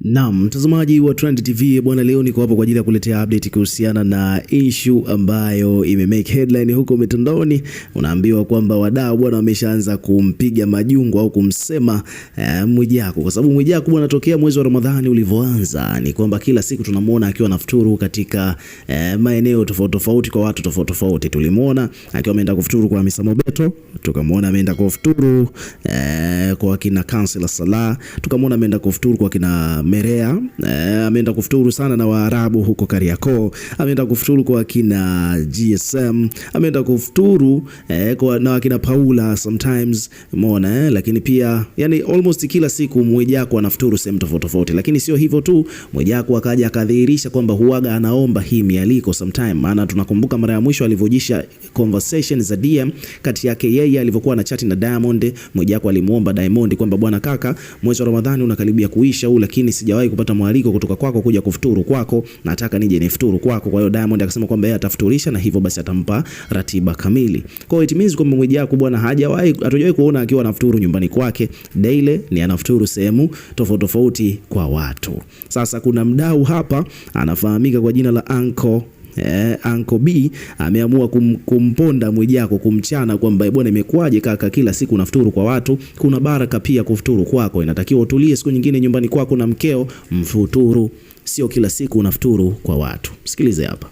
Naam, mtazamaji wa Trend TV bwana, leo niko hapo kwa ajili ya kuletea update kuhusiana na issue ambayo imemake headline huko mitandaoni. Unaambiwa kwamba wadau bwana wameshaanza kumpiga majungu au kumsema eh, Mwijaku kwa sababu Mwijaku bwana, tokea mwezi wa Ramadhani ulivyoanza ni kwamba kila siku tunamuona akiwa nafuturu katika eh, maeneo tofauti tofauti kwa watu tofauti tofauti. Tulimuona akiwa ameenda kufuturu kwa Hamisa Mobeto, tukamuona ameenda kufuturu eh, kwa kina Councilor Salah, tukamuona ameenda kufuturu kwa kina Merea eh, ameenda kufuturu sana na Waarabu huko Kariakoo, ameenda kufuturu kwa kina GSM, ameenda kufuturu eh, kwa na wakina Paula sometimes, umeona eh, lakini pia yani almost kila siku Mwijaku anafuturu sehemu tofauti tofauti. Lakini sio hivyo tu, Mwijaku akaja akadhihirisha kwamba huaga anaomba hii mialiko sometime, maana tunakumbuka mara ya mwisho alivyojisha conversation za DM kati yake yeye alivyokuwa na chat na Diamond. Mwijaku alimuomba Diamond kwamba bwana kaka, mwezi wa Ramadhani unakaribia kuisha huu, lakini sijawahi kupata mwaliko kutoka kwako kuja kufuturu kwako, nataka nije nifuturu kwako. Kwa hiyo Diamond akasema kwamba yeye atafuturisha na hivyo basi atampa ratiba kamili. Kwa hiyo it means kwamba Mwijaku bwana hajawahi, hatujawahi kuona akiwa anafuturu nyumbani kwake. Daily ni anafuturu sehemu tofauti tofauti kwa watu. Sasa kuna mdau hapa anafahamika kwa jina la Anko eh, Uncle B ameamua kum, kumponda Mwijako kumchana kwamba eh, bwana, imekuwaje kaka, kila siku unafuturu kwa watu, kuna baraka pia kufuturu kwako, inatakiwa utulie siku nyingine nyumbani kwako na mkeo mfuturu, sio kila siku unafuturu kwa watu. Sikilize hapa.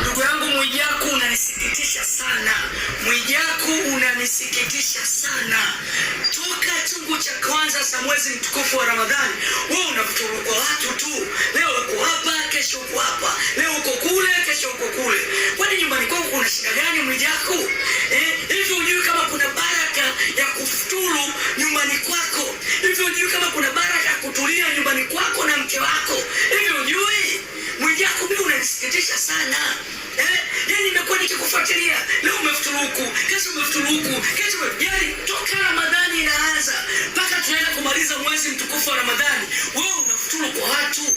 Ndugu yangu Mwijaku, unanisikitisha sana. Mwijaku, unanisikitisha sana. Toka chungu cha kwanza za mwezi mtukufu wa Ramadhani, wewe unafuturu shida gani Mwijaku? Eh, hivi unajui kama kuna baraka ya kufuturu nyumbani kwako? Hivi unajui kama kuna baraka ya kutulia nyumbani kwako na mke wako? Hivi unajui Mwijaku, mimi unanisikitisha sana eh, yani nimekuwa nikikufuatilia, leo umefuturu huku, kesho umefuturu huku, kesho yani, toka Ramadhani inaanza mpaka tunaenda kumaliza mwezi mtukufu wa Ramadhani, wewe unafuturu kwa watu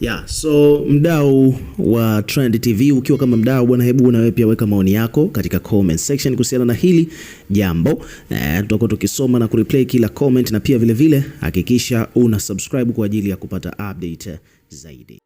Yeah, so mdau wa Trend TV ukiwa kama mdau bwana, hebu na wewe pia weka maoni yako katika comment section kuhusiana na hili jambo eh, tutakuwa tukisoma na kureplay kila comment, na pia vilevile hakikisha una subscribe kwa ajili ya kupata update zaidi.